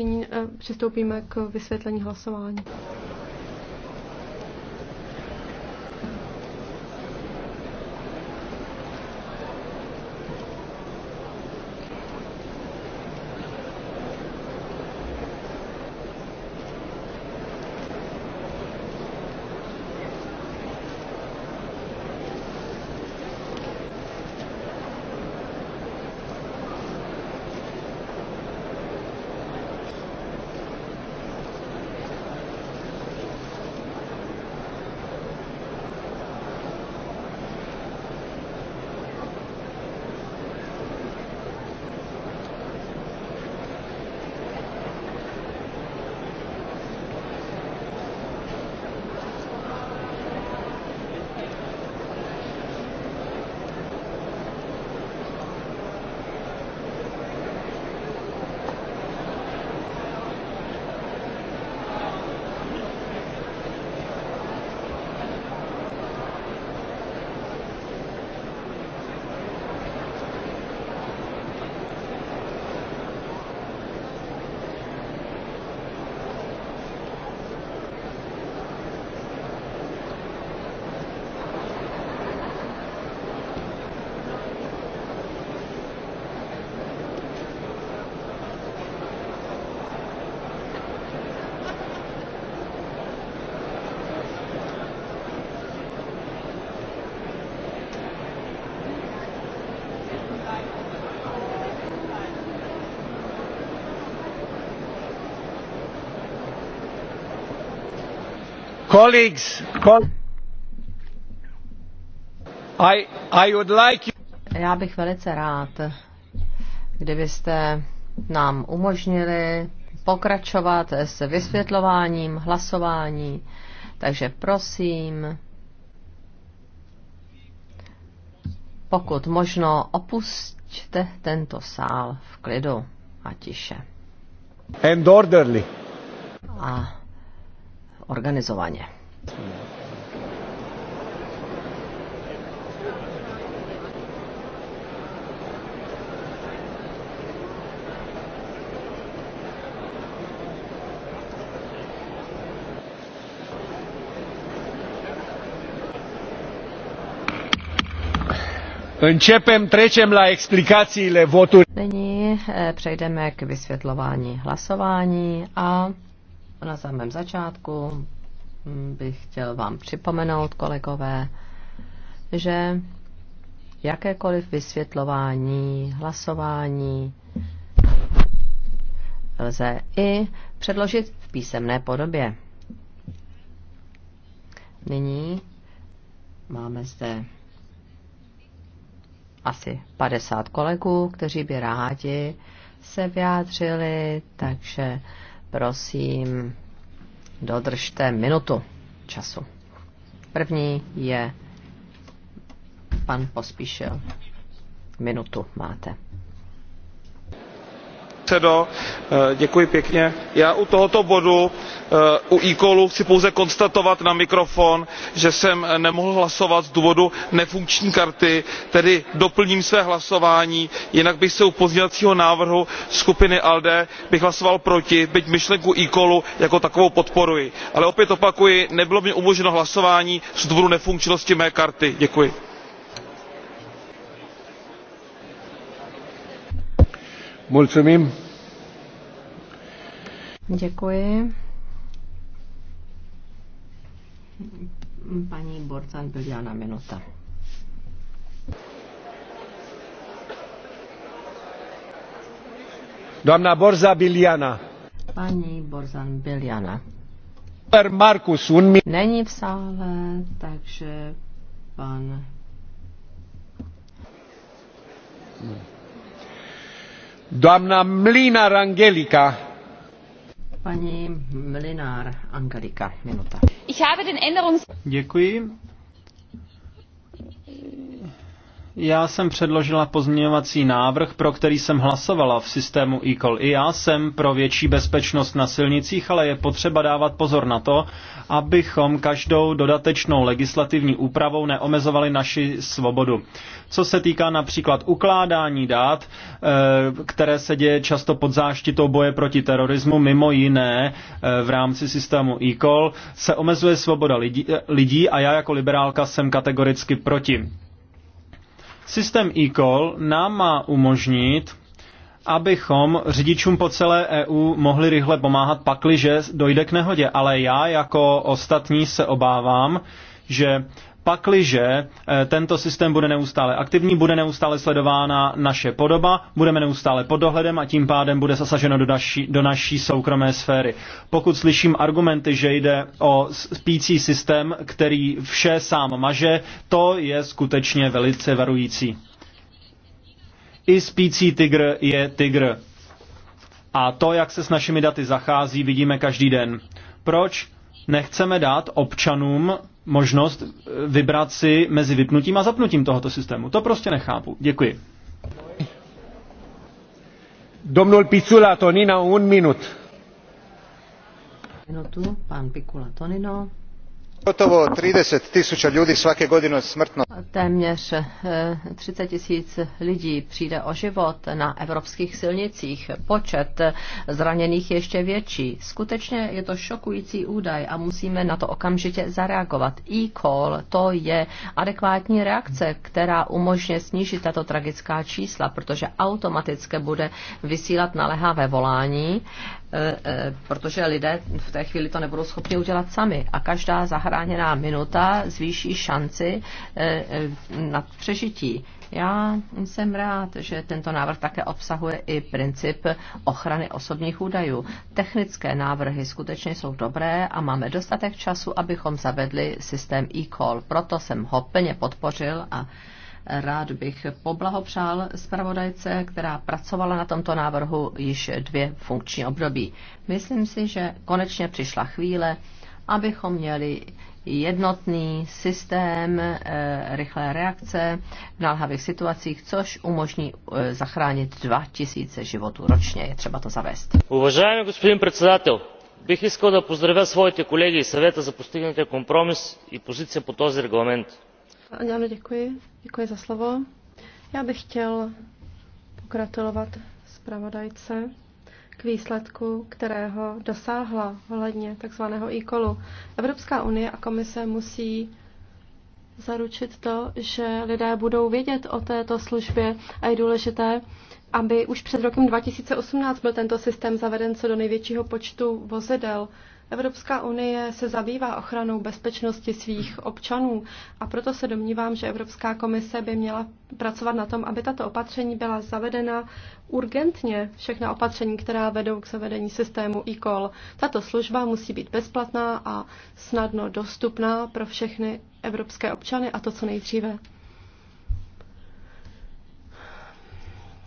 Eh, přistoupíme k vysvětlení hlasování. Colleagues, I, I would like you... Já bych velice rád, kdybyste nám umožnili pokračovat s vysvětlováním hlasování. Takže prosím, pokud možno opusťte tento sál v klidu a tiše. And orderly. A organizovaně. Începem, trecem la explicațiile votului. Nyní eh, přejdeme k vysvětlování hlasování a na samém začátku mm, bych chtěl vám připomenout, kolegové, že jakékoliv vysvětlování, hlasování lze i předložit v písemné podobě. Nyní máme zde asi 50 kolegů, kteří by rádi se vyjádřili, takže prosím, dodržte minutu času. První je pan Pospíšil. Minutu máte. Eh, děkuji pěkně. Já u tohoto bodu, eh, u e chci pouze konstatovat na mikrofon, že jsem eh, nemohl hlasovat z důvodu nefunkční karty, tedy doplním své hlasování, jinak bych se u pozměňovacího návrhu skupiny ALDE bych hlasoval proti, byť myšlenku e jako takovou podporuji. Ale opět opakuji, nebylo mi umožněno hlasování z důvodu nefunkčnosti mé karty. Děkuji. Mulțumim. Děkuji. Paní Borcan Biljana minuta. Doamna Borza Biljana. Paní Borzan Biliana. Markus, un mi- Není v sále, takže pan... Hmm. Doamna Mlinar Angelika. Paní Mlinár Angelika, minuta. Ich den Änderungs... Děkuji. Já jsem předložila pozměňovací návrh, pro který jsem hlasovala v systému eCall. I já jsem pro větší bezpečnost na silnicích, ale je potřeba dávat pozor na to, abychom každou dodatečnou legislativní úpravou neomezovali naši svobodu. Co se týká například ukládání dát, eh, které se děje často pod záštitou boje proti terorismu, mimo jiné eh, v rámci systému eCall, se omezuje svoboda lidí, eh, lidí a já jako liberálka jsem kategoricky proti. Systém e-call nám má umožnit, abychom řidičům po celé EU mohli rychle pomáhat pakli, že dojde k nehodě. Ale já jako ostatní se obávám, že Pakliže eh, tento systém bude neustále aktivní, bude neustále sledována naše podoba, budeme neustále pod dohledem a tím pádem bude zasaženo do naší, do naší soukromé sféry. Pokud slyším argumenty, že jde o spící systém, který vše sám maže, to je skutečně velice varující. I spící tygr je tygr. A to, jak se s našimi daty zachází, vidíme každý den. Proč? nechceme dát občanům možnost vybrat si mezi vypnutím a zapnutím tohoto systému. To prostě nechápu. Děkuji. Domnul Picula Tonina, un minut. Minutu, pan Picula Tonino. Gotovo 30 tisíc lidí svake godine smrtno. Téměř 30 eh, tisíc lidí přijde o život na evropských silnicích. Počet zraněných je ještě větší. Skutečně je to šokující údaj a musíme na to okamžitě zareagovat. E-call to je adekvátní reakce, která umožňuje snížit tato tragická čísla, protože automaticky bude vysílat naléhavé volání Eh, eh, protože lidé v té chvíli to nebudou schopni udělat sami. A každá zahráněná minuta zvýší šanci eh, na přežití. Já jsem rád, že tento návrh také obsahuje i princip ochrany osobních údajů. Technické návrhy skutečně jsou dobré a máme dostatek času, abychom zavedli systém e-call. Proto jsem ho plně podpořil a Rád bych poblahopřál zpravodajce, která pracovala na tomto návrhu již dvě funkční období. Myslím si, že konečně přišla chvíle, abychom měli jednotný systém e, rychlé reakce v nalhavých situacích, což umožní e, zachránit 2000 životů ročně. Je třeba to zavést. Uvažujeme, gospodin председател, Bych chtěl pozdravit svoje kolegy z и za за kompromis i pozici po по този ano, děkuji. Děkuji za slovo. Já bych chtěl pokratulovat zpravodajce k výsledku, kterého dosáhla ohledně tzv. e-kolu. Evropská unie a komise musí zaručit to, že lidé budou vědět o této službě a je důležité, aby už před rokem 2018 byl tento systém zaveden co do největšího počtu vozidel. Evropská unie se zabývá ochranou bezpečnosti svých občanů a proto se domnívám, že Evropská komise by měla pracovat na tom, aby tato opatření byla zavedena urgentně, všechna opatření, která vedou k zavedení systému e-call. Tato služba musí být bezplatná a snadno dostupná pro všechny evropské občany a to co nejdříve.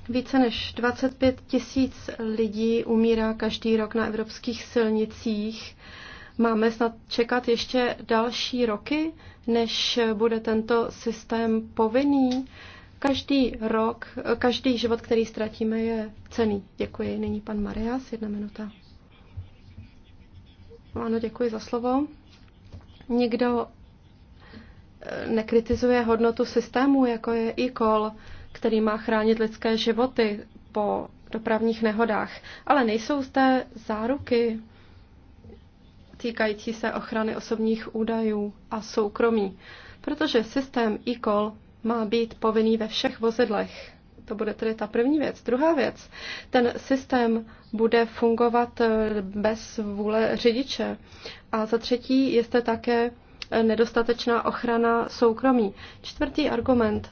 Více než 25 tisíc lidí umírá každý rok na evropských silnicích. Máme snad čekat ještě další roky, než bude tento systém povinný. Každý rok, každý život, který ztratíme, je cený. Děkuji. Nyní pan Marias, jedna minuta. Ano, děkuji za slovo. Někdo eh, nekritizuje hodnotu systému, jako je e-call který má chránit lidské životy po dopravních nehodách. Ale nejsou zde záruky týkající se ochrany osobních údajů a soukromí, protože systém e-call má být povinný ve všech vozidlech. To bude tedy ta první věc. Druhá věc, ten systém bude fungovat eh, bez vůle řidiče. A za třetí jste také nedostatečná ochrana soukromí. Čtvrtý argument,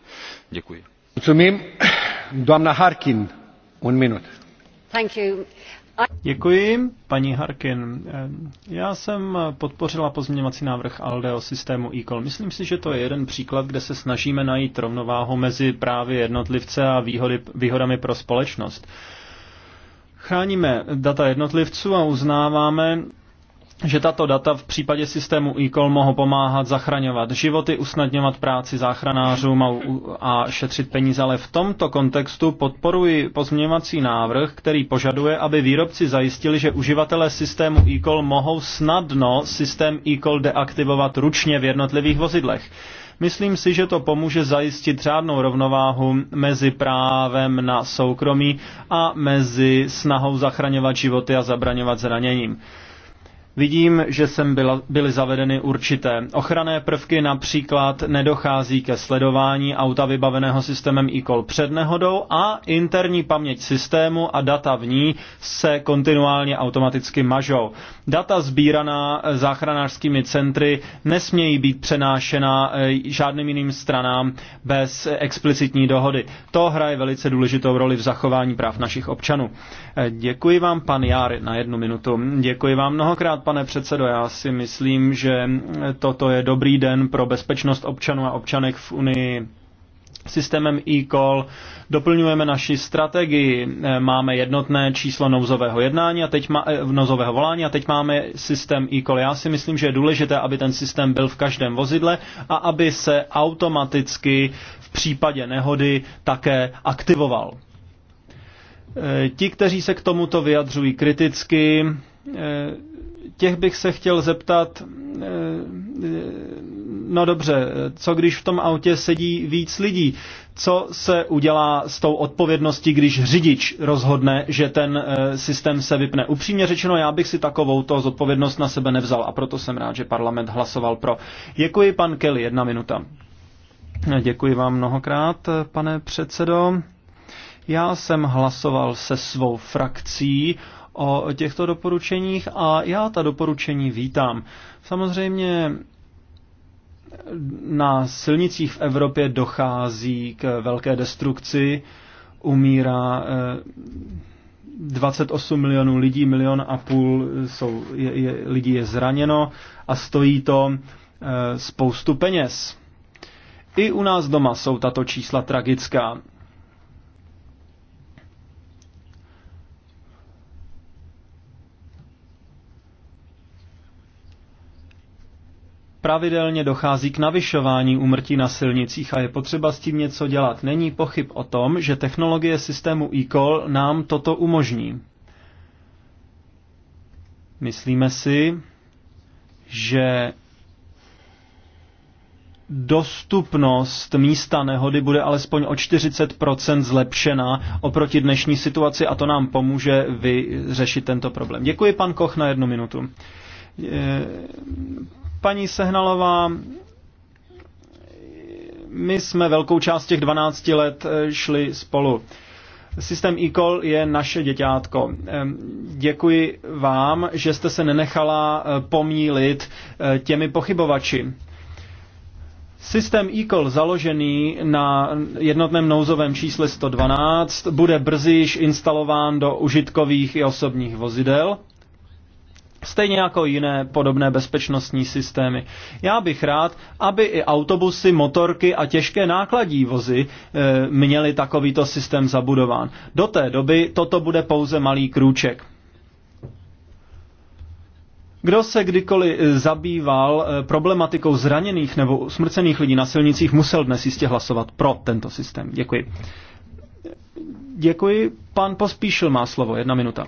Děkuji, paní Harkin. Eh, já jsem podpořila pozměňovací návrh ALDE o systému ecall. Myslím si, že to je jeden příklad, kde se snažíme najít rovnováhu mezi právě jednotlivce a výhody, výhodami pro společnost. Chráníme data jednotlivců a uznáváme, že tato data v případě systému eCall mohou pomáhat zachraňovat životy, usnadňovat práci záchranářům a šetřit peníze, ale v tomto kontextu podporuji pozměňovací návrh, který požaduje, aby výrobci zajistili, že uživatelé systému eCall mohou snadno systém eCall deaktivovat ručně v jednotlivých vozidlech. Myslím si, že to pomůže zajistit řádnou rovnováhu mezi právem na soukromí a mezi snahou zachraňovat životy a zabraňovat zraněním. Vidím, že sem byla, byly zavedeny určité ochranné prvky, například nedochází ke sledování auta vybaveného systémem e-call před nehodou a interní paměť systému a data v ní se kontinuálně automaticky mažou. Data sbíraná záchranářskými centry nesmějí být přenášena eh, žádným jiným stranám bez explicitní dohody. To hraje velice důležitou roli v zachování práv našich občanů. Eh, děkuji vám, pan Jár, na jednu minutu. Děkuji vám mnohokrát pane předsedo. Já si myslím, že toto je dobrý den pro bezpečnost občanů a občanek v Unii. Systémem e-call doplňujeme naši strategii. Máme jednotné číslo nouzového jednání a teď má, eh, nouzového volání a teď máme systém e-call. Já si myslím, že je důležité, aby ten systém byl v každém vozidle a aby se automaticky v případě nehody také aktivoval. Eh, ti, kteří se k tomuto vyjadřují kriticky, eh, těch bych se chtěl zeptat, eh, eh, no dobře, co když v tom autě sedí víc lidí? Co se udělá s tou odpovědností, když řidič rozhodne, že ten eh, systém se vypne? Upřímně řečeno, já bych si takovou to zodpovědnost na sebe nevzal a proto jsem rád, že parlament hlasoval pro. Děkuji, pan Kelly, jedna minuta. Děkuji vám mnohokrát, pane předsedo. Já jsem hlasoval se svou frakcí o těchto doporučeních a já ta doporučení vítám. Samozřejmě na silnicích v Evropě dochází k velké destrukci, umírá 28 eh, milionů lidí, milion a půl jsou, je, je, lidí je zraněno a stojí to eh, spoustu peněz. I u nás doma jsou tato čísla tragická. pravidelně dochází k navyšování úmrtí na silnicích a je potřeba s tím něco dělat. Není pochyb o tom, že technologie systému e nám toto umožní. Myslíme si, že dostupnost místa nehody bude alespoň o 40% zlepšena oproti dnešní situaci a to nám pomůže vyřešit tento problém. Děkuji pan Koch na jednu minutu. Eh, Paní Sehnalová, my jsme velkou část těch 12 let eh, šli spolu. Systém eCall je naše děťátko. Děkuji vám, že jste se nenechala eh, pomílit eh, těmi pochybovači. Systém eCall založený na jednotném nouzovém čísle 112 bude brzy již instalován do užitkových i osobních vozidel Stejně jako jiné podobné bezpečnostní systémy. Já bych rád, aby i autobusy, motorky a těžké nákladní vozy e, měly takovýto systém zabudován. Do té doby toto bude pouze malý krůček. Kdo se kdykoliv eh, zabýval eh, problematikou zraněných nebo smrcených lidí na silnicích, musel dnes jistě hlasovat pro tento systém. Děkuji. Děkuji. Pan Pospíšil má slovo. Jedna minuta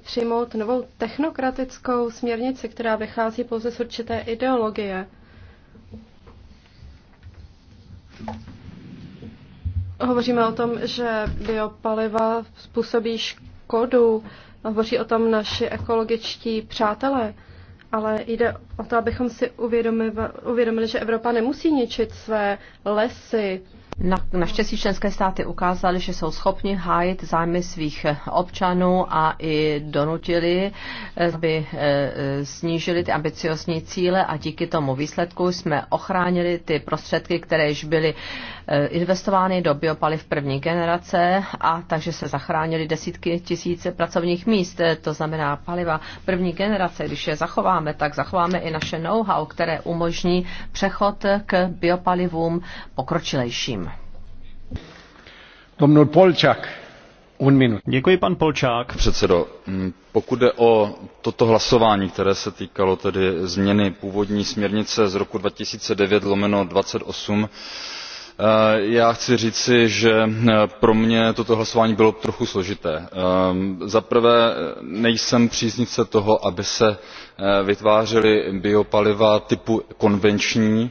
přijmout novou technokratickou směrnici, která vychází pouze z určité ideologie. Hovoříme o tom, že biopaliva způsobí škodu, hovoří o tom naši ekologičtí přátelé, ale jde o to, abychom si uvědomili, uvědomili že Evropa nemusí ničit své lesy, na, naštěstí členské státy ukázaly, že jsou schopni hájit zájmy svých eh, občanů a i donutili, eh, aby eh, snížili ty ambiciozní cíle a díky tomu výsledku jsme ochránili ty prostředky, které již byly investovány do biopaliv první generace a takže se zachránili desítky tisíce pracovních míst. To znamená paliva první generace, když je zachováme, tak zachováme i naše know-how, které umožní přechod k biopalivům pokročilejším. Domnul Polčák. pan Polčák. Mm, pokud jde o toto hlasování které se týkalo tedy změny původní směrnice z roku two thousand and nine twenty eight já chci říci že eh, pro mě toto hlasování bylo trochu složité. Eh, za prvé nejsem příznivcem toho aby se eh, vytvářela biopaliva typu konvenční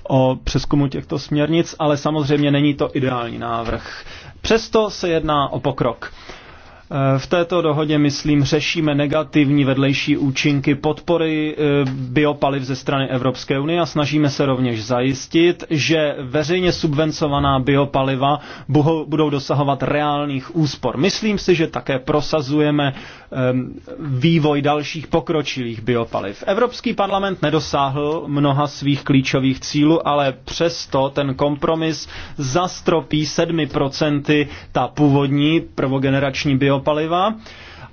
o přeskumu těchto směrnic, ale samozřejmě není to ideální návrh. Přesto se jedná o pokrok. E, v této dohodě, myslím, řešíme negativní vedlejší účinky podpory e, biopaliv ze strany Evropské unie a snažíme se rovněž zajistit, že veřejně subvencovaná biopaliva budou dosahovat reálných úspor. Myslím si, že také prosazujeme Ehm, vývoj dalších pokročilých biopaliv. Evropský parlament nedosáhl mnoha svých klíčových cílů, ale přesto ten kompromis zastropí 7% ta původní prvogenerační biopaliva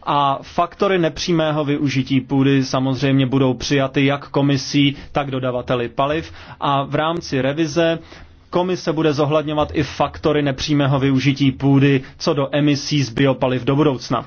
a faktory nepřímého využití půdy samozřejmě budou přijaty jak komisí, tak dodavateli paliv a v rámci revize Komise bude zohledňovat i faktory nepřímého využití půdy co do emisí z biopaliv do budoucna.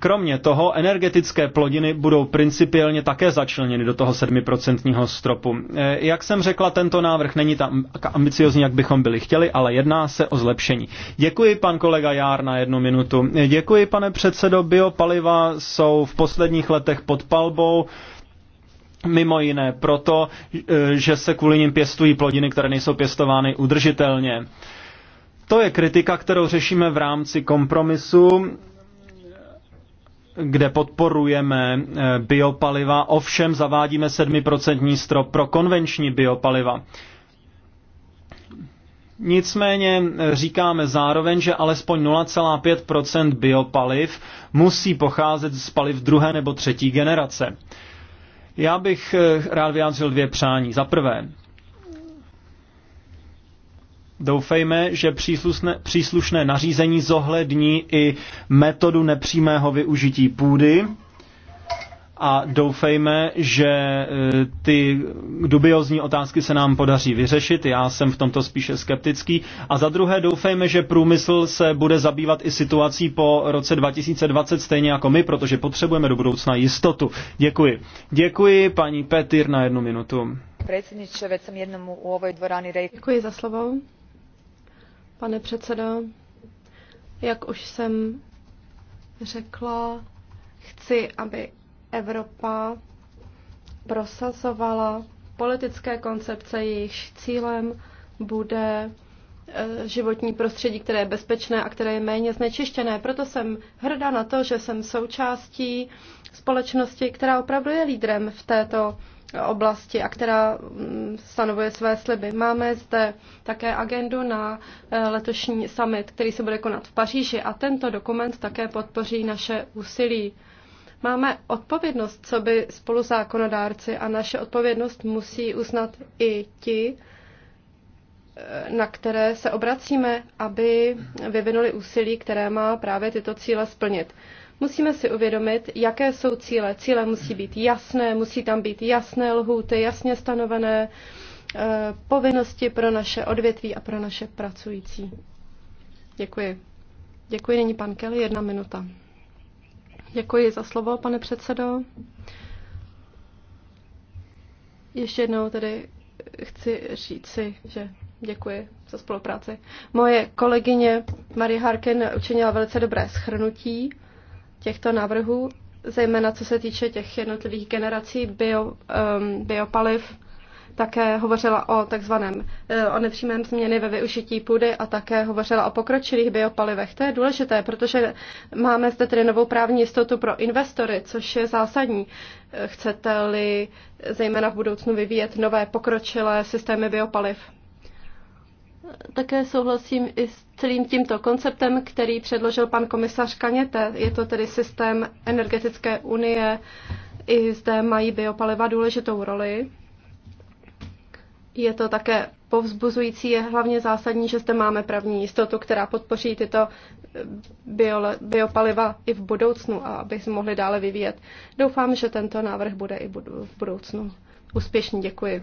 Kromě toho energetické plodiny budou principiálně také začleněny do toho 7% stropu. Eh, jak jsem řekla, tento návrh není tak ambiciozní, jak bychom byli chtěli, ale jedná se o zlepšení. Děkuji, pan kolega Jár, na jednu minutu. Eh, děkuji, pane předsedo. Biopaliva jsou v posledních letech pod palbou. Mimo jiné proto, eh, že se kvůli nim pěstují plodiny, které nejsou pěstovány udržitelně. To je kritika, kterou řešíme v rámci kompromisu kde podporujeme eh, biopaliva, ovšem zavádíme 7% strop pro konvenční biopaliva. Nicméně eh, říkáme zároveň, že alespoň 0,5 biopaliv musí pocházet z paliv druhé nebo třetí generace. Já bych eh, rád vyjádřil dvě přání. Za prvé, Doufejme, že příslušné, příslušné nařízení zohlední i metodu nepřímého využití půdy a doufejme, že eh, ty dubiozní otázky se nám podaří vyřešit. Já jsem v tomto spíše skeptický. A za druhé doufejme, že průmysl se bude zabývat i situací po roce 2020 stejně jako my, protože potřebujeme do budoucna jistotu. Děkuji. Děkuji paní Petýr na jednu minutu. Děkuji za slovo pane předsedo. Jak už jsem řekla, chci, aby Evropa prosazovala politické koncepce, jejichž cílem bude e, životní prostředí, které je bezpečné a které je méně znečištěné. Proto jsem hrdá na to, že jsem součástí společnosti, která opravdu je lídrem v této oblasti a která mm, stanovuje své sliby. Máme zde také agendu na eh, letošní summit, který se bude konat v Paříži a tento dokument také podpoří naše úsilí. Máme odpovědnost, co by spoluzákonodárci a naše odpovědnost musí uznat i ti, eh, na které se obracíme, aby vyvinuli úsilí, které má právě tyto cíle splnit. Musíme si uvědomit, jaké jsou cíle. Cíle musí být jasné, musí tam být jasné lhůty, jasně stanovené eh, povinnosti pro naše odvětví a pro naše pracující. Děkuji. Děkuji, nyní pan Kelly, jedna minuta. Děkuji za slovo, pane předsedo. Ještě jednou tedy chci říci, že děkuji za spolupráci. Moje kolegyně Marie Harkin učinila velice dobré schrnutí těchto návrhů, zejména co se týče těch jednotlivých generací bio, um, biopaliv. Také hovořila o takzvaném eh, o nepřímém změny ve využití půdy a také hovořila o pokročilých biopalivech. To je důležité, protože máme zde tedy novou právní jistotu pro investory, což je zásadní. Eh, chcete-li zejména v budoucnu vyvíjet nové pokročilé systémy biopaliv? Také souhlasím i s celým tímto konceptem, který předložil pan komisař Kaněte. Je to tedy systém energetické unie. I zde mají biopaliva důležitou roli. Je to také povzbuzující, je hlavně zásadní, že zde máme právní jistotu, která podpoří tyto bio, biopaliva i v budoucnu a aby se mohli dále vyvíjet. Doufám, že tento návrh bude i v budoucnu Úspěšně Děkuji.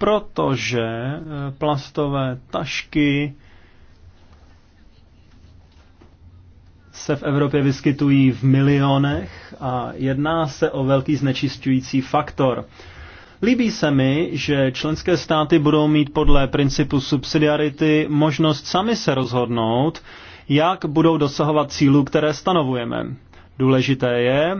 protože eh, plastové tašky se v Evropě vyskytují v milionech a jedná se o velký znečistující faktor. Líbí se mi, že členské státy budou mít podle principu subsidiarity možnost sami se rozhodnout, jak budou dosahovat cílů, které stanovujeme. Důležité je,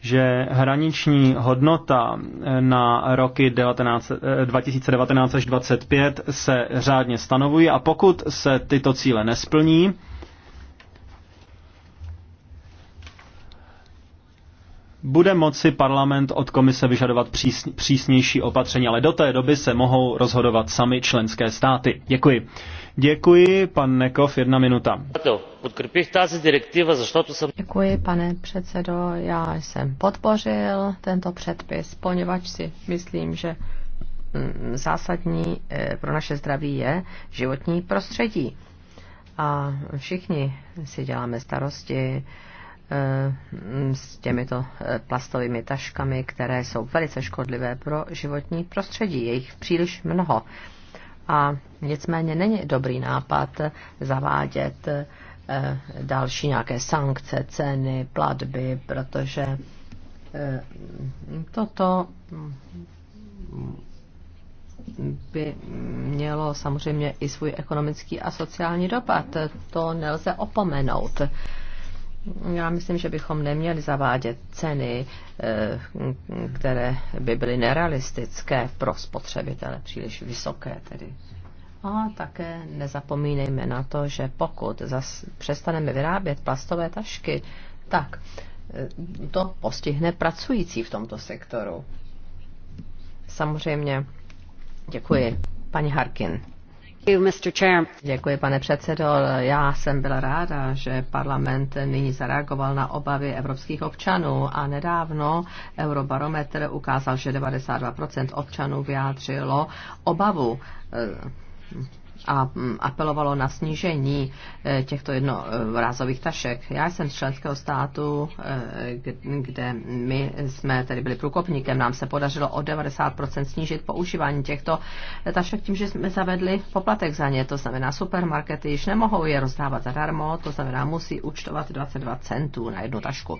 že hraniční hodnota eh, na roky 19, 2019 eh, až 2025 se řádně stanovují a pokud se tyto cíle nesplní, bude moci parlament od komise vyžadovat přísnější opatření, ale do té doby se mohou rozhodovat sami členské státy. Děkuji. Děkuji, pan Nekov, jedna minuta. Děkuji, pane předsedo. Já jsem podpořil tento předpis, poněvadž si myslím, že mm, zásadní eh, pro naše zdraví je životní prostředí. A všichni si děláme starosti eh, mm, s těmito eh, plastovými taškami, které jsou velice škodlivé pro životní prostředí. Je jich příliš mnoho a nicméně není dobrý nápad zavádět eh, další nějaké sankce, ceny, platby, protože eh, toto mm, by mělo samozřejmě i svůj ekonomický a sociální dopad. To nelze opomenout. Já myslím, že bychom neměli zavádět ceny, eh, které by byly nerealistické pro spotřebitele, příliš vysoké tedy. A také nezapomínejme na to, že pokud zas přestaneme vyrábět plastové tašky, tak eh, to postihne pracující v tomto sektoru. Samozřejmě děkuji, paní Harkin. Děkuji, pane předsedo. Já jsem byla ráda, že parlament nyní zareagoval na obavy evropských občanů a nedávno Eurobarometr ukázal, že 92% občanů vyjádřilo obavu eh, a mm, apelovalo na snížení eh, těchto jednorázových tašek. Já jsem z členského státu, eh, kde my jsme tedy byli průkopníkem, nám se podařilo o 90% snížit používání těchto eh, tašek tím, že jsme zavedli poplatek za ně. To znamená, supermarkety již nemohou je rozdávat zadarmo, to znamená, musí účtovat 22 centů na jednu tašku.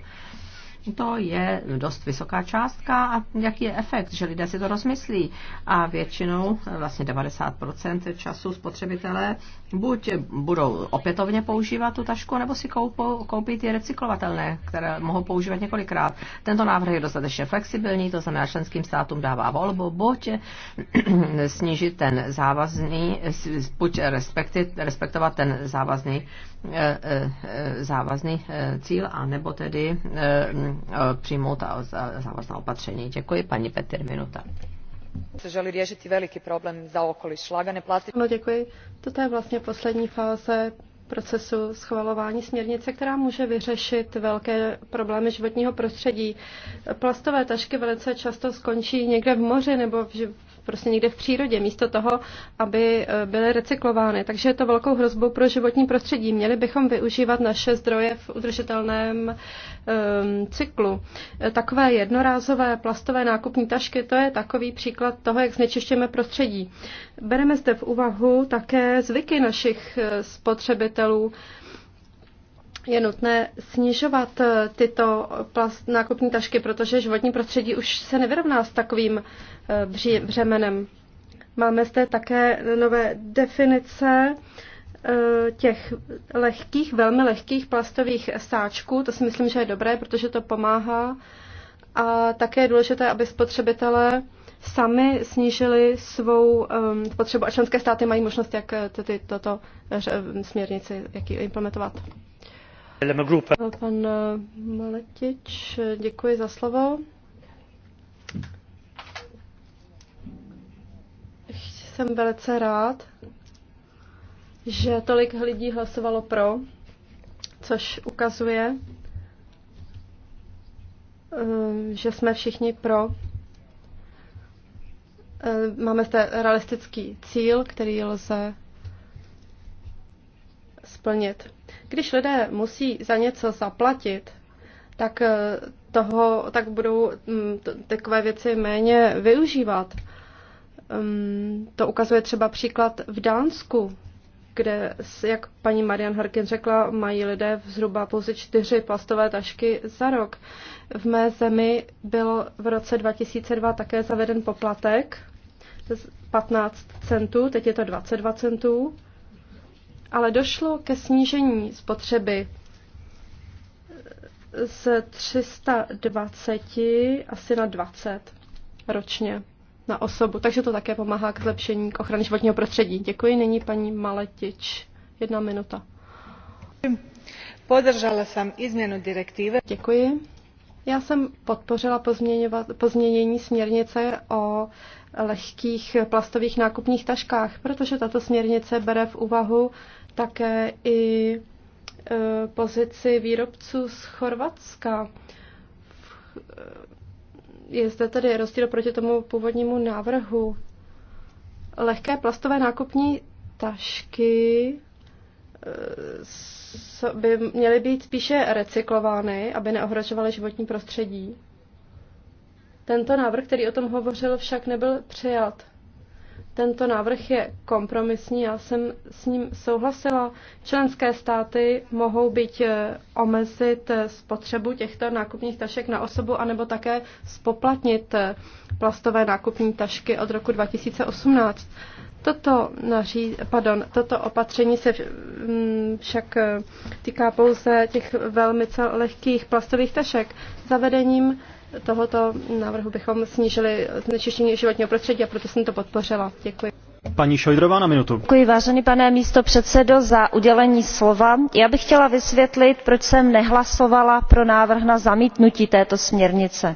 To je dost vysoká částka a jaký je efekt, že lidé si to rozmyslí. A většinou, vlastně 90% času spotřebitelé buď budou opětovně používat tu tašku, nebo si koupou, koupí ty recyklovatelné, které mohou používat několikrát. Tento návrh je dostatečně flexibilní, to znamená členským státům dává volbu, buď snížit ten závazný, buď respektovat ten závazný eh, eh, závazný eh, cíl, anebo tedy přijmout závazná opatření. Děkuji, paní Petr, minuta želi řešit veliký problém za okoliš. Lagane plastiky. No, děkuji. Toto je vlastně poslední fáze procesu schvalování směrnice, která může vyřešit velké problémy životního prostředí. Plastové tašky velice často skončí někde v moři nebo v prostě někde v přírodě, místo toho, aby eh, byly recyklovány. Takže je to velkou hrozbou pro životní prostředí. Měli bychom využívat naše zdroje v udržitelném um, cyklu. Eh, takové jednorázové plastové nákupní tašky, to je takový příklad toho, jak znečišťujeme prostředí. Bereme zde v úvahu také zvyky našich eh, spotřebitelů, je nutné snižovat eh, tyto plast, nákupní tašky, protože životní prostředí už se nevyrovná s takovým eh, břemenem. Máme zde také nové definice eh, těch lehkých, velmi lehkých plastových sáčků. To si myslím, že je dobré, protože to pomáhá. A také je důležité, aby spotřebitelé sami snížili svou um, a členské státy mají možnost, jak tyto směrnice toto směrnici jak ji implementovat. Pan eh, Maletič, děkuji za slovo. Jsem velice rád, že tolik lidí hlasovalo pro, což ukazuje, eh, že jsme všichni pro. Eh, máme zde realistický cíl, který lze splnit. Když lidé musí za něco zaplatit, tak eh, toho, tak budou mm, takové věci méně využívat. Mm, to ukazuje třeba příklad v Dánsku, kde, jak paní Marian Harkin řekla, mají lidé zhruba pouze čtyři plastové tašky za rok. V mé zemi byl v roce 2002 také zaveden poplatek 15 centů, teď je to 22 centů ale došlo ke snížení spotřeby z 320 asi na 20 ročně na osobu, takže to také pomáhá k zlepšení k ochrany životního prostředí. Děkuji, nyní paní Maletič. Jedna minuta. Podržala jsem změnu direktivy. Děkuji. Já jsem podpořila pozměnění směrnice o lehkých plastových nákupních taškách, protože tato směrnice bere v úvahu také i e, pozici výrobců z Chorvatska. E, je zde tedy rozdíl proti tomu původnímu návrhu. Lehké plastové nákupní tašky e, by měly být spíše recyklovány, aby neohrožovaly životní prostředí. Tento návrh, který o tom hovořil, však nebyl přijat. Tento návrh je kompromisní, já jsem s ním souhlasila. Členské státy mohou být eh, omezit eh, spotřebu těchto nákupních tašek na osobu, anebo také spoplatnit eh, plastové nákupní tašky od roku 2018. Toto, naří, pardon, toto opatření se mm, však týká pouze těch velmi lehkých plastových tašek. Zavedením tohoto návrhu bychom snížili znečištění životního prostředí a proto jsem to podpořila. Děkuji. Paní Šojdrová na minutu. Děkuji vážený pane místo předsedo za udělení slova. Já bych chtěla vysvětlit, proč jsem nehlasovala pro návrh na zamítnutí této směrnice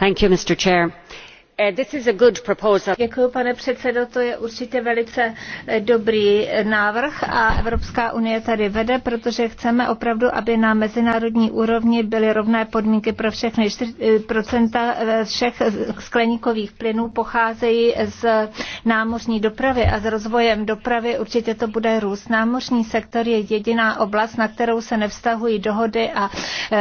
mr president Uh, Děkuji, pane předsedo, to je určitě velice eh, dobrý eh, návrh a Evropská unie tady vede, protože chceme opravdu, aby na mezinárodní úrovni byly rovné podmínky pro všechny. 4% eh, všech skleníkových plynů pocházejí z námořní dopravy a s rozvojem dopravy určitě to bude růst. Námořní sektor je jediná oblast, na kterou se nevztahují dohody a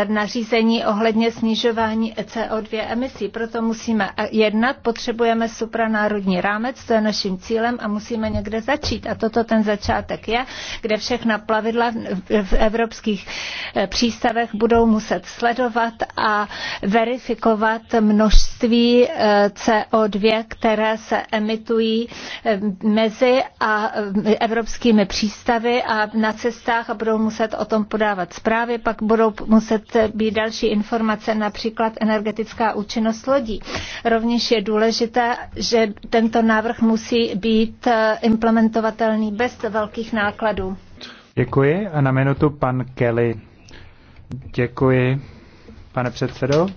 nařízení ohledně snižování CO2 emisí. Proto musíme jednat jednat, potřebujeme supranárodní rámec, to je naším cílem a musíme někde začít. A toto ten začátek je, kde všechna plavidla v evropských eh, přístavech budou muset sledovat a verifikovat množství eh, CO2, které se emitují eh, mezi a evropskými přístavy a na cestách a budou muset o tom podávat zprávy, pak budou muset být další informace, například energetická účinnost lodí. Rovněž je je důležité, že tento návrh musí být eh, implementovatelný bez velkých nákladů. Děkuji a na minutu pan Kelly. Děkuji, pane předsedo.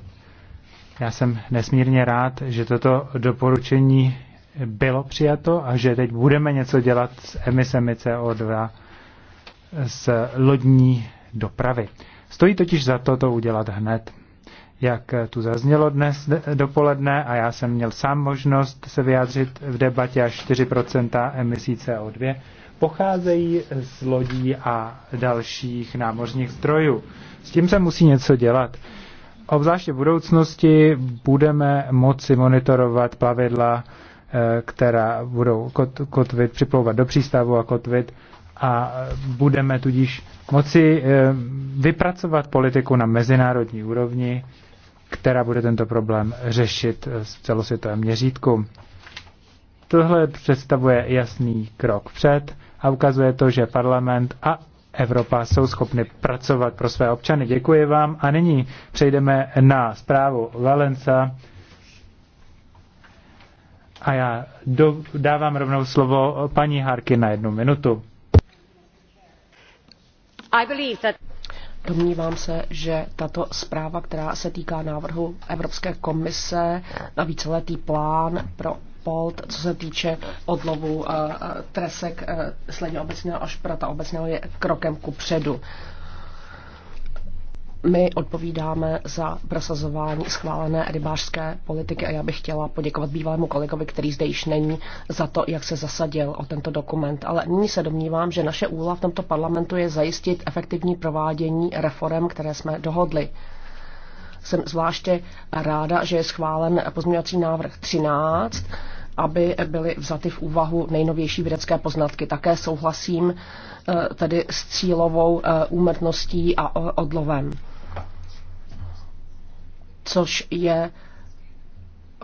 Já jsem nesmírně rád, že toto doporučení bylo přijato a že teď budeme něco dělat s emisemi CO2 eh, z lodní dopravy. Stojí totiž za to to udělat hned jak tu zaznělo dnes dopoledne, a já jsem měl sám možnost se vyjádřit v debatě, až 4% emisí CO2 pocházejí z lodí a dalších námořních zdrojů. S tím se musí něco dělat. Obzvláště v budoucnosti budeme moci monitorovat plavidla, eh, která budou kotvit, připlouvat do přístavu a kotvit a budeme tudíž moci eh, vypracovat politiku na mezinárodní úrovni, která bude tento problém řešit v celosvětovém měřítku. Tohle představuje jasný krok před a ukazuje to, že parlament a Evropa jsou schopny pracovat pro své občany. Děkuji vám a nyní přejdeme na zprávu Valenca. A já do, dávám rovnou slovo paní Harky na jednu minutu. I believe that... Domnívám se, že tato zpráva, která se týká návrhu Evropské komise na víceletý plán pro Polt, co se týče odlovu eh, eh, tresek eh, sledně obecného a prata obecného, je krokem ku předu my odpovídáme za prosazování schválené rybářské politiky a já bych chtěla poděkovat bývalému kolegovi, který zde již není, za to, jak se zasadil o tento dokument. Ale nyní se domnívám, že naše úloha v tomto parlamentu je zajistit efektivní provádění reform, které jsme dohodli. Jsem zvláště ráda, že je schválen pozměňovací návrh 13, aby byly vzaty v úvahu nejnovější vědecké poznatky. Také souhlasím eh, tedy s cílovou eh, úmrtností a odlovem což je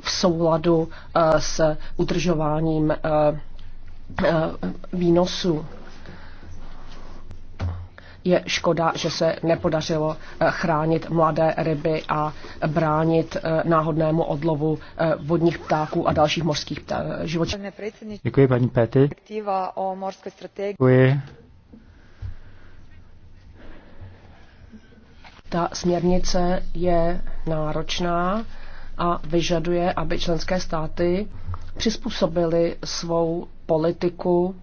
v souladu eh, s udržováním eh, eh, výnosu. Je škoda, že se nepodařilo chránit mladé ryby a bránit náhodnému odlovu vodních ptáků a dalších mořských živočichů. Děkuji, paní Pety. Děkuji. Ta směrnice je náročná a vyžaduje, aby členské státy přizpůsobily svou politiku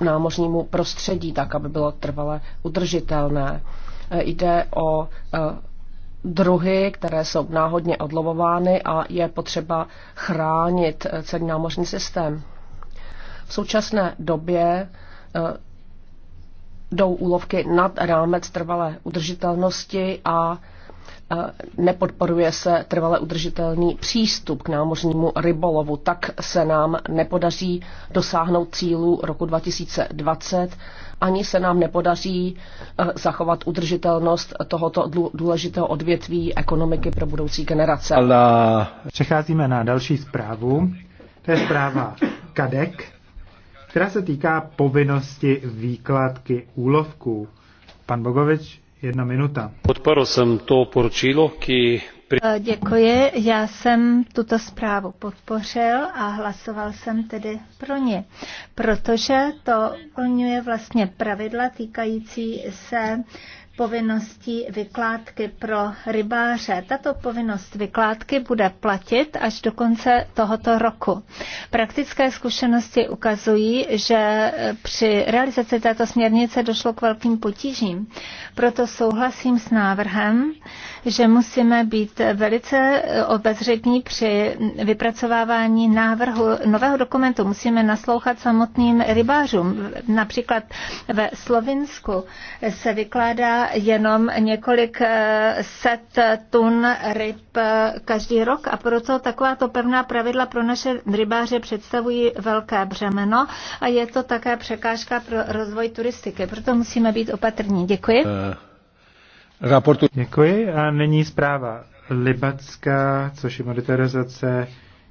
eh, námořnímu prostředí, tak aby bylo trvale udržitelné. Eh, jde o eh, druhy, které jsou náhodně odlovovány a je potřeba chránit celý námořní systém. V současné době jdou úlovky nad rámec trvalé udržitelnosti a nepodporuje se trvale udržitelný přístup k námořnímu rybolovu. Tak se nám nepodaří dosáhnout cílů roku 2020, ani se nám nepodaří e, zachovat udržitelnost tohoto důležitého odvětví ekonomiky pro budoucí generace. Ale... Přecházíme na další zprávu. To je zpráva KADEK která se týká povinnosti výkladky úlovků. Pan Bogovič, jedna minuta. Podporu jsem to poručilo, ki... Eh, děkuji, já jsem tuto zprávu podpořil a hlasoval jsem tedy pro ně, protože to plňuje vlastně pravidla týkající se povinností vykládky pro rybáře. Tato povinnost vykládky bude platit až do konce tohoto roku. Praktické zkušenosti ukazují, že při realizaci této směrnice došlo k velkým potížím. Proto souhlasím s návrhem, že musíme být velice obezřetní při vypracovávání návrhu nového dokumentu. Musíme naslouchat samotným rybářům. Například ve Slovinsku se vykládá jenom několik eh, set tun ryb eh, každý rok a proto takováto pevná pravidla pro naše rybáře představují velké břemeno a je to také překážka pro rozvoj turistiky. Proto musíme být opatrní. Děkuji. Eh, Děkuji a není zpráva Libacká, což je modernizace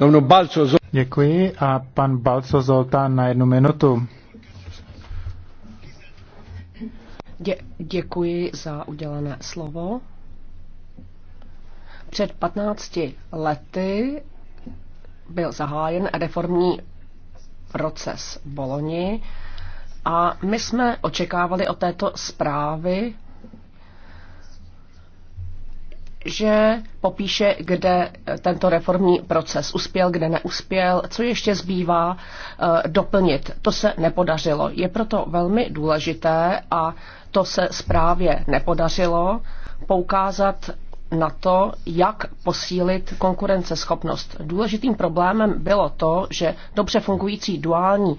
No, no, děkuji a pan Balco Zoltán na jednu minutu. Dě, děkuji za udělené slovo. Před 15 lety byl zahájen reformní proces v Boloni a my jsme očekávali od této zprávy že popíše, kde eh, tento reformní proces uspěl, kde neuspěl, co ještě zbývá eh, doplnit. To se nepodařilo. Je proto velmi důležité, a to se zprávě nepodařilo, poukázat na to, jak posílit konkurenceschopnost. Důležitým problémem bylo to, že dobře fungující duální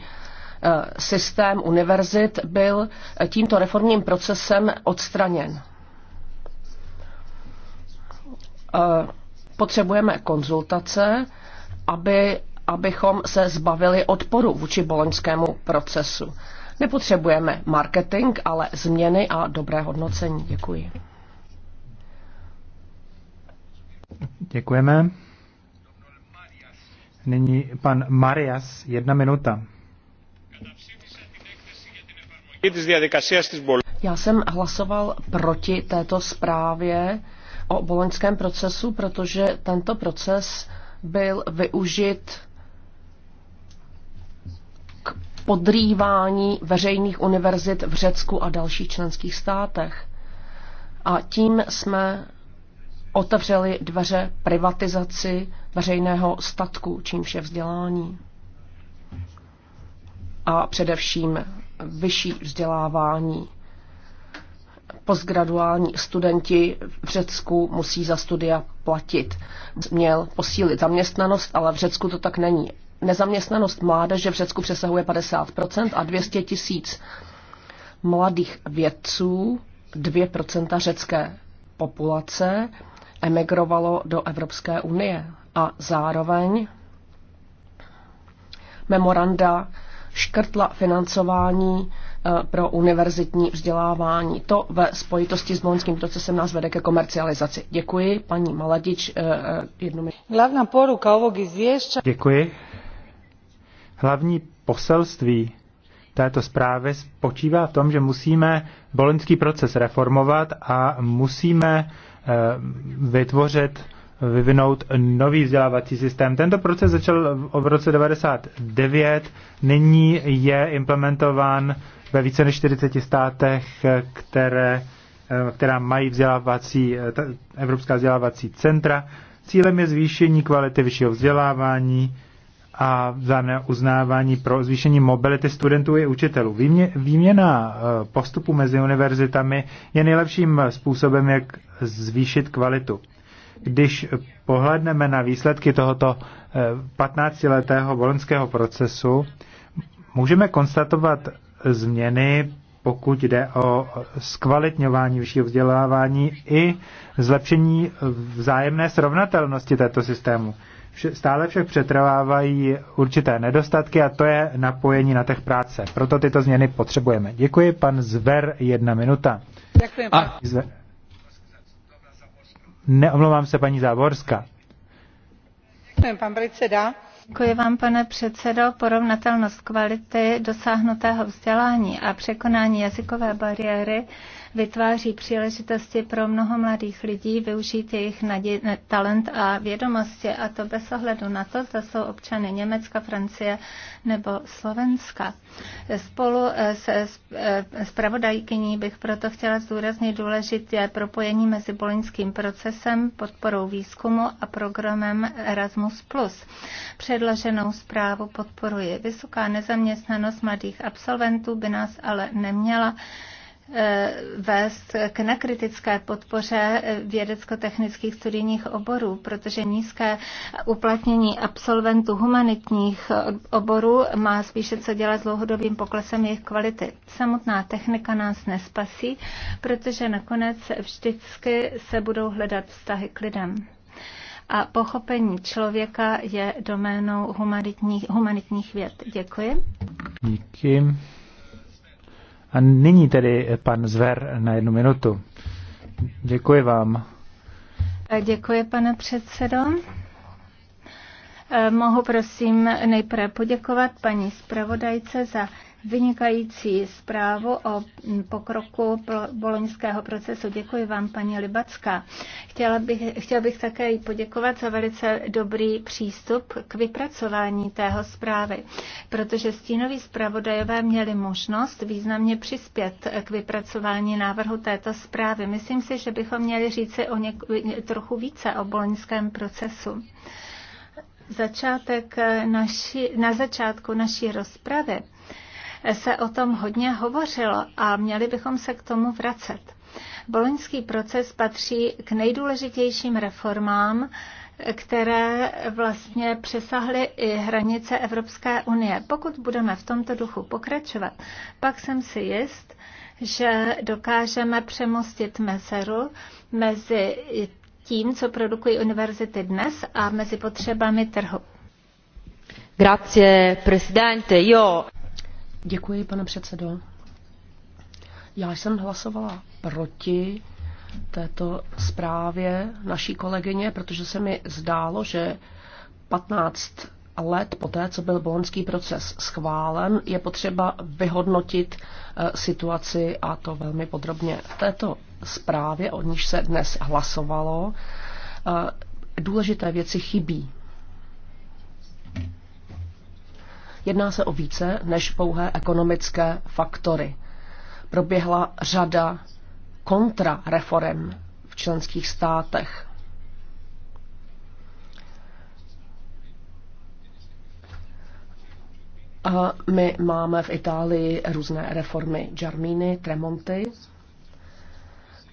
eh, systém univerzit byl tímto reformním procesem odstraněn. Eh, potřebujeme konzultace, aby, abychom se zbavili odporu vůči boloňskému procesu. Nepotřebujeme marketing, ale změny a dobré hodnocení. Děkuji. Děkujeme. Nyní pan Marias, jedna minuta. Já jsem hlasoval proti této zprávě o boloňském procesu, protože tento proces byl využit k podrývání veřejných univerzit v Řecku a dalších členských státech. A tím jsme otevřeli dveře privatizaci veřejného statku, čím vše vzdělání. A především vyšší vzdělávání postgraduální studenti v Řecku musí za studia platit. Měl posílit zaměstnanost, ale v Řecku to tak není. Nezaměstnanost mládeže v Řecku přesahuje 50% a 200 tisíc mladých vědců, 2% řecké populace, emigrovalo do Evropské unie. A zároveň memoranda škrtla financování Eh, pro univerzitní vzdělávání. To ve spojitosti s bolonským procesem nás vede ke komercializaci. Děkuji, paní Maladič, eh, eh, jednu minutu. Hlavná poruka ovog izvěšća... Děkuji. Hlavní poselství této zprávy spočívá v tom, že musíme bolenský proces reformovat a musíme vytvořit, vyvinout nový vzdělávací systém. Tento proces začal v roce 99, nyní je implementován ve více než 40 státech, které, eh, která mají vzdělávací, eh, evropská vzdělávací centra. Cílem je zvýšení kvality vyššího vzdělávání a vzájemné uznávání pro zvýšení mobility studentů i učitelů. Výmě, výměna eh, postupu mezi univerzitami je nejlepším způsobem, jak zvýšit kvalitu. Když pohledneme na výsledky tohoto 15-letého bolenského procesu, můžeme konstatovat změny, pokud jde o zkvalitňování vyššího vzdělávání i zlepšení vzájemné srovnatelnosti této systému. Stále však přetrvávají určité nedostatky a to je napojení na těch práce. Proto tyto změny potřebujeme. Děkuji, pan Zver, jedna minuta. Děkuji, A... Neomlouvám se, paní Záborská. Děkuji, pan předseda Děkuji vám, pane předsedo. Porovnatelnost kvality dosáhnutého vzdělání a překonání jazykové bariéry vytváří příležitosti pro mnoho mladých lidí využít jejich nadě- talent a vědomosti a to bez ohledu na to, zda jsou občany Německa, Francie nebo Slovenska. Spolu eh, se eh, spravodajkyní bych proto chtěla zdůraznit důležité propojení mezi boloňským procesem, podporou výzkumu a programem Erasmus+. Předloženou zprávu podporuje vysoká nezaměstnanost mladých absolventů by nás ale neměla Eh, vést k nekritické podpoře eh, vědecko-technických studijních oborů, protože nízké uplatnění absolventů humanitních oborů má spíše co dělat s dlouhodobým poklesem jejich kvality. Samotná technika nás nespasí, protože nakonec vždycky se budou hledat vztahy k lidem a pochopení člověka je doménou humanitních, humanitních věd. Děkuji. Díky. A nyní tedy pan Zver na jednu minutu. Děkuji vám. Eh, děkuji, pane předsedo. Eh, mohu prosím nejprve poděkovat paní zpravodajce za vynikající zprávu o pokroku boloňského procesu. Děkuji vám, paní Libacka. Chtěla bych, chtěla bych také poděkovat za velice dobrý přístup k vypracování tého zprávy, protože stínoví zpravodajové měli možnost významně přispět k vypracování návrhu této zprávy. Myslím si, že bychom měli říci o něk- trochu více o boloňském procesu začátek naši, na začátku naší rozpravy se o tom hodně hovořilo a měli bychom se k tomu vracet. Boloňský proces patří k nejdůležitějším reformám, které vlastně přesahly i hranice Evropské unie. Pokud budeme v tomto duchu pokračovat, pak jsem si jist, že dokážeme přemostit mezeru mezi tím, co produkují univerzity dnes a mezi potřebami trhu. Grazie, presidente. Io... Děkuji, pane předsedo. Já jsem hlasovala proti této zprávě naší kolegyně, protože se mi zdálo, že 15 let poté, co byl bolonský proces schválen, je potřeba vyhodnotit eh, situaci a to velmi podrobně. V této zprávě, o níž se dnes hlasovalo, eh, důležité věci chybí. Jedná se o více než pouhé ekonomické faktory. Proběhla řada kontrareform v členských státech. A my máme v Itálii různé reformy Jarmíny, Tremonti.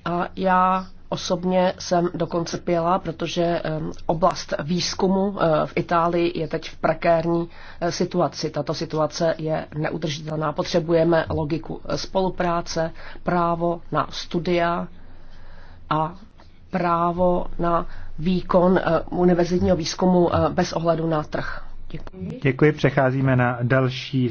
A já Osobně jsem dokonce pěla, protože oblast výzkumu eh, v Itálii je teď v prekérní eh, situaci. Tato situace je neudržitelná. Potřebujeme logiku eh, spolupráce, právo na studia a právo na výkon univerzitního výzkumu bez ohledu na trh. Děkuji. Děkuji. Přecházíme na další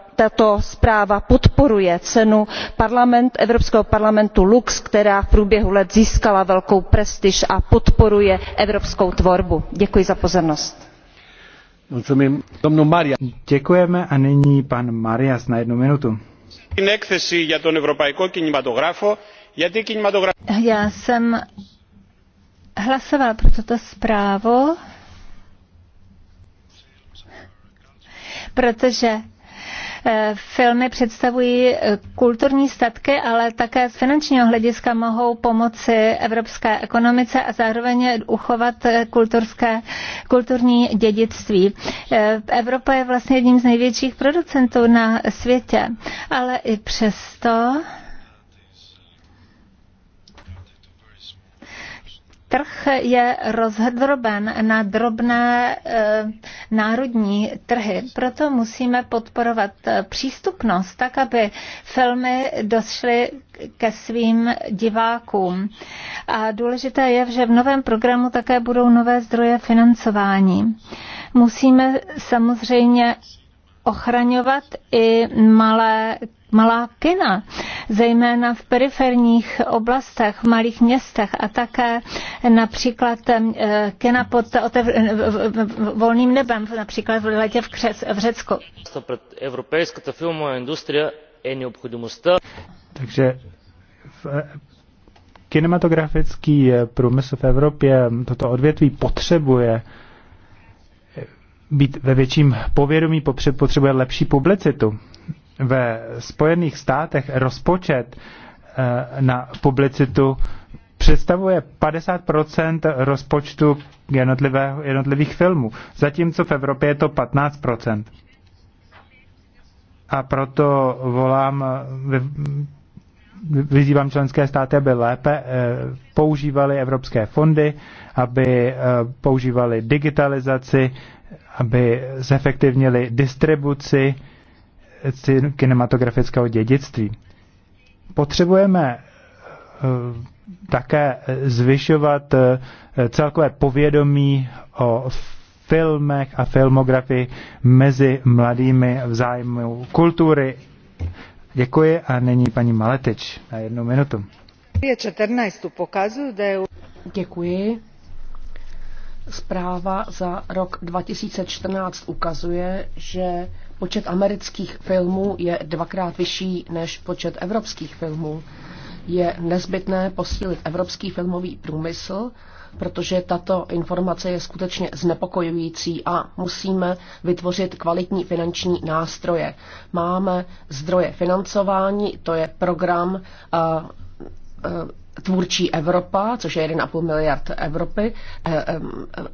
tato zpráva podporuje cenu evropského parlamentu lux která v průběhu let získala velkou prestiž a podporuje evropskou tvorbu. děkuji za pozornost. Děkujeme a pan Marias na jednu minutu. Já jsem hlasoval pro tuto zprávu, protože Eh, filmy představují eh, kulturní statky, ale také z finančního hlediska mohou pomoci evropské ekonomice a zároveň uchovat eh, kulturské, kulturní dědictví. Evropa je vlastně jedním z největších producentů na světě, ale i přesto Trh je rozdroben na drobné e, národní trhy, proto musíme podporovat eh, přístupnost, tak aby filmy došly ke svým divákům. A důležité je, že v novém programu také budou nové zdroje financování. Musíme samozřejmě ochraňovat i malé malá kina, zejména v periferních oblastech, v malých městech a také například eh, kina pod otev- eh, volným nebem, například v letě v, Křes, v Řecku. Takže v eh, kinematografický průmysl v Evropě mm, toto odvětví potřebuje být ve větším povědomí, potřebuje lepší publicitu. Ve Spojených státech rozpočet eh, na publicitu představuje 50 rozpočtu jednotlivých filmů, zatímco v Evropě je to 15 A proto volám, eh, vyzývám členské státy, aby lépe eh, používali evropské fondy, aby používali digitalizaci aby zefektivnili distribuci kinematografického dědictví. Potřebujeme eh, také zvyšovat eh, celkové povědomí o filmech a filmografii mezi mladými v zájmu kultury. Děkuji a nyní paní Maletič na jednu minutu. Děkuji. Zpráva za rok 2014 ukazuje, že počet amerických filmů je dvakrát vyšší než počet evropských filmů. Je nezbytné posílit evropský filmový průmysl, protože tato informace je skutečně znepokojující a musíme vytvořit kvalitní finanční nástroje. Máme zdroje financování, to je program eh, eh, Tvůrčí Evropa, což je 1,5 miliard Evropy, eh,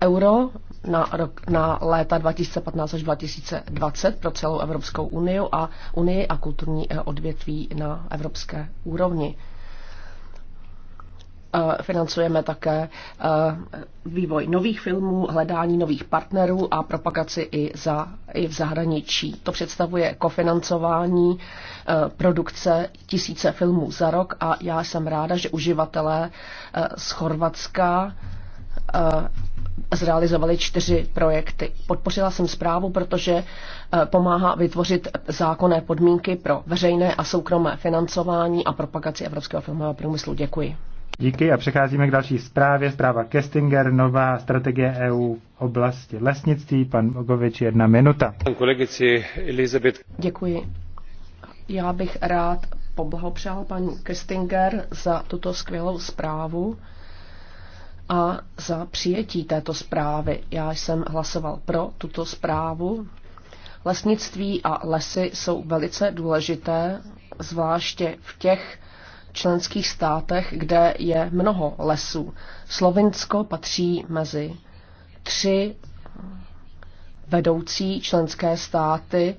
euro na, rok, na léta 2015 až 2020 pro celou Evropskou unii a unii a kulturní eh, odvětví na evropské úrovni financujeme také vývoj nových filmů, hledání nových partnerů a propagaci i, za, i v zahraničí. To představuje kofinancování produkce tisíce filmů za rok a já jsem ráda, že uživatelé z Chorvatska zrealizovali čtyři projekty. Podpořila jsem zprávu, protože pomáhá vytvořit zákonné podmínky pro veřejné a soukromé financování a propagaci evropského filmového průmyslu. Děkuji. Díky a přecházíme k další zprávě. Zpráva Kestinger, nová strategie EU v oblasti lesnictví. Pan Bogovič, jedna minuta. Kolegici Elizabeth. Děkuji. Já bych rád poblahopřál paní Kestinger za tuto skvělou zprávu a za přijetí této zprávy. Já jsem hlasoval pro tuto zprávu. Lesnictví a lesy jsou velice důležité, zvláště v těch členských státech, kde je mnoho lesů. Slovinsko patří mezi tři vedoucí členské státy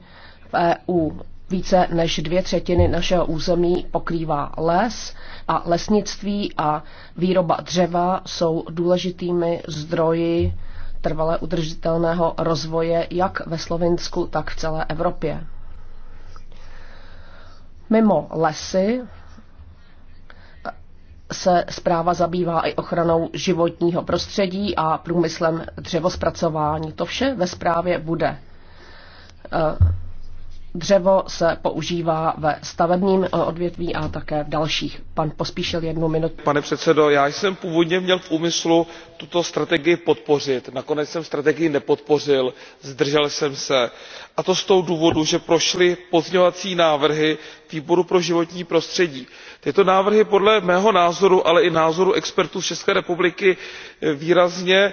v EU. Více než dvě třetiny našeho území pokrývá les a lesnictví a výroba dřeva jsou důležitými zdroji trvale udržitelného rozvoje jak ve Slovinsku, tak v celé Evropě. Mimo lesy se zpráva zabývá i ochranou životního prostředí a průmyslem dřevospracování. To vše ve zprávě bude. Eh, Dřevo se používá ve stavebním eh, odvětví a také v dalších. Pan Pospíšil jednu minutu. Pane předsedo, já jsem původně měl v úmyslu tuto strategii podpořit. Nakonec jsem strategii nepodpořil, zdržel jsem se. A to z toho důvodu, že prošly pozměňovací návrhy výboru pro životní prostředí. Tyto návrhy podle mého názoru, ale i názoru expertů z České republiky eh, výrazně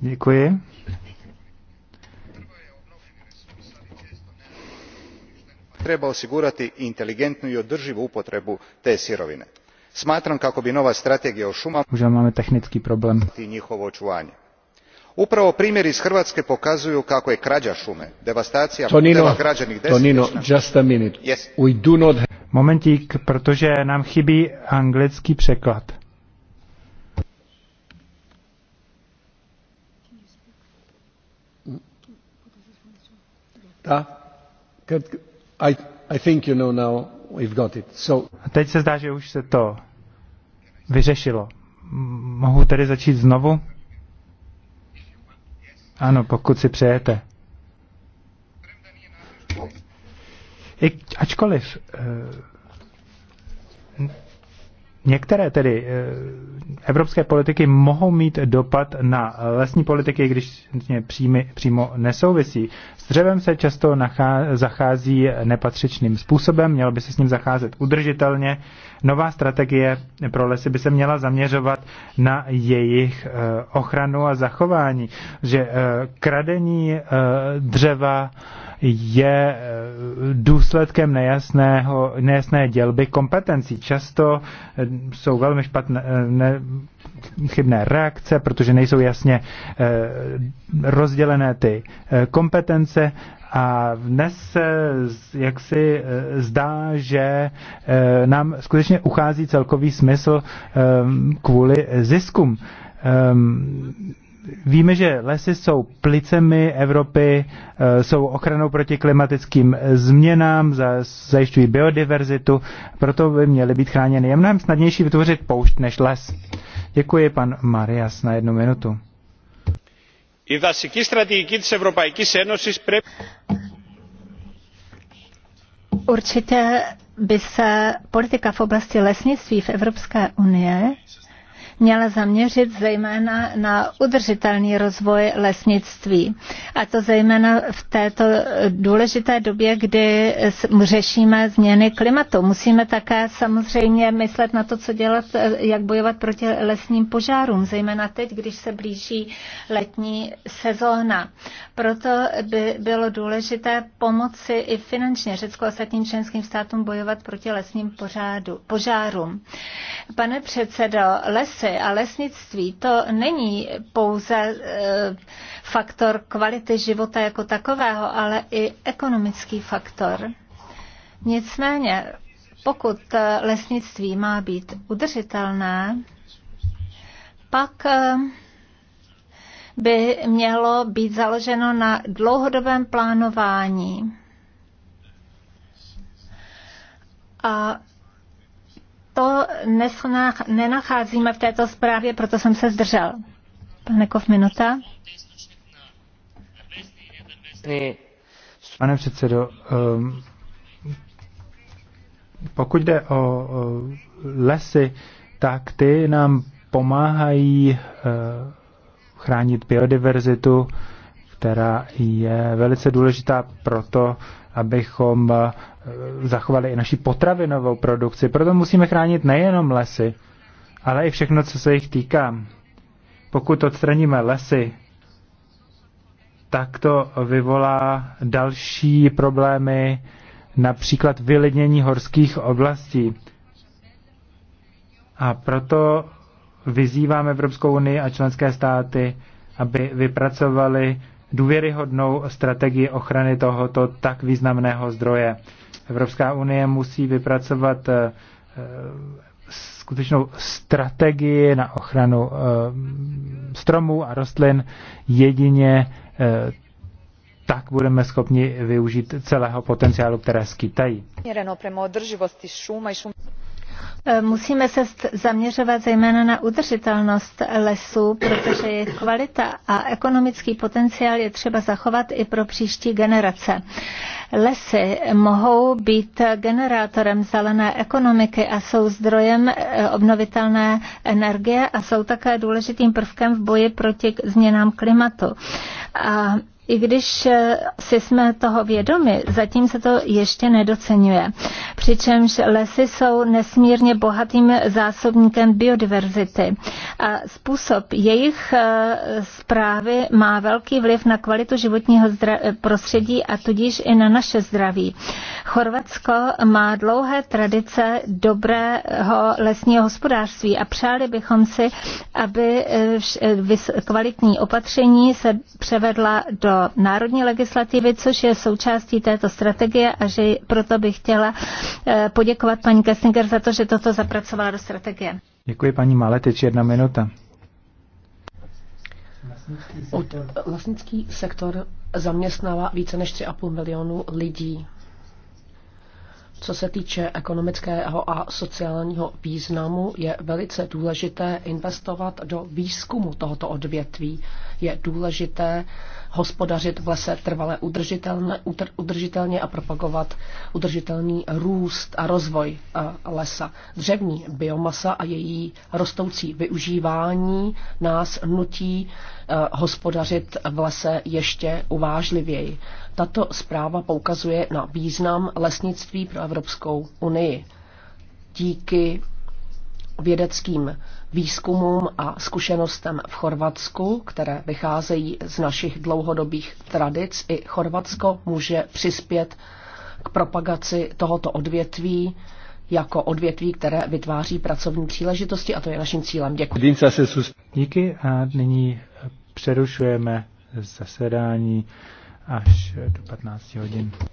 Děkuji. treba osigurati inteligentnu i održivu upotrebu te sirovine. smatram kako bi nova strategija o šumama i njihovo očuvanje. upravo primjer iz hrvatske pokazuju kako je krađa šume devastacija puteva građenih desetljećima momentík protože nám chybí anglický překlad. Teď se zdá, že už se to vyřešilo. Mohu tedy začít znovu? Ano, pokud si přejete. I, ačkoliv eh, některé tedy eh, evropské politiky mohou mít dopad na lesní politiky, když přími, přímo nesouvisí. S dřevem se často nachá, zachází nepatřičným způsobem, mělo by se s ním zacházet udržitelně. Nová strategie pro lesy by se měla zaměřovat na jejich eh, ochranu a zachování, že eh, kradení eh, dřeva je eh, důsledkem nejasného, nejasné dělby kompetencí. Často eh, jsou velmi špatné, eh, ne, chybné reakce, protože nejsou jasně rozdělené ty kompetence a dnes se jak si zdá, že nám skutečně uchází celkový smysl kvůli ziskům Víme, že lesy jsou plicemi Evropy, eh, jsou ochranou proti klimatickým změnám, zajišťují biodiverzitu, proto by měly být chráněny. Je mnohem snadnější vytvořit poušť než les. Děkuji, pan Marias, na jednu minutu. Určitě by se politika v oblasti lesnictví v Evropské unie měla zaměřit zejména na udržitelný rozvoj lesnictví. A to zejména v této důležité době, kdy řešíme změny klimatu. Musíme také samozřejmě myslet na to, co dělat, jak bojovat proti lesním požárům, zejména teď, když se blíží letní sezóna. Proto by bylo důležité pomoci i finančně Řecko a ostatním členským státům bojovat proti lesním pořádu, požárům. Pane předsedo, lesy lesy a lesnictví to není pouze e, faktor kvality života jako takového, ale i ekonomický faktor. Nicméně, pokud lesnictví má být udržitelné, pak e, by mělo být založeno na dlouhodobém plánování. A to nenacházíme v této zprávě, proto jsem se zdržel. Pane Kov, minuta. Pane předsedo, um, pokud jde o lesy, tak ty nám pomáhají eh, chránit biodiverzitu, která je velice důležitá proto, abychom eh, zachovali i naši potravinovou produkci. Proto musíme chránit nejenom lesy, ale i všechno, co se jich týká. Pokud odstraníme lesy, tak to vyvolá další problémy, například vylidnění horských oblastí. A proto vyzýváme Evropskou unii a členské státy, aby vypracovali důvěryhodnou strategii ochrany tohoto tak významného zdroje. Evropská unie musí vypracovat eh, eh, skutečnou strategii na ochranu eh, stromů a rostlin. Jedině tak budeme schopni využít celého potenciálu, které skýtají. Eh, musíme se zaměřovat zejména na udržitelnost lesů, protože jejich kvalita a ekonomický potenciál je třeba zachovat i pro příští generace. Lesy mohou být generátorem zelené ekonomiky a jsou zdrojem eh, obnovitelné energie a jsou také důležitým prvkem v boji proti změnám klimatu. A i když eh, si jsme toho vědomi, zatím se to ještě nedocenuje. Přičemž lesy jsou nesmírně bohatým zásobníkem biodiverzity a způsob jejich zprávy eh, má velký vliv na kvalitu životního eh, prostředí a tudíž i na naše zdraví. Chorvatsko má dlouhé tradice dobrého lesního hospodářství a přáli bychom si, aby kvalitní opatření se převedla do národní legislativy, což je součástí této strategie a že proto bych chtěla eh, poděkovat paní Kessinger za to, že toto zapracovala do strategie. Děkuji paní teď jedna minuta. Od, vlastnický sektor zaměstnává více než 3,5 milionu lidí. Co se týče ekonomického a sociálního významu, je velice důležité investovat do výzkumu tohoto odvětví. Je důležité hospodařit v lese trvale udržitelně, udržitelně a propagovat udržitelný růst a rozvoj lesa. Dřevní biomasa a její rostoucí využívání nás nutí e, hospodařit v lese ještě uvážlivěji. Tato zpráva poukazuje na význam lesnictví pro Evropskou unii. Díky vědeckým výzkumům a zkušenostem v Chorvatsku, které vycházejí z našich dlouhodobých tradic. I Chorvatsko může přispět k propagaci tohoto odvětví jako odvětví, které vytváří pracovní příležitosti a to je naším cílem. Děkuji. Díky a nyní přerušujeme zasedání až do 15 hodin.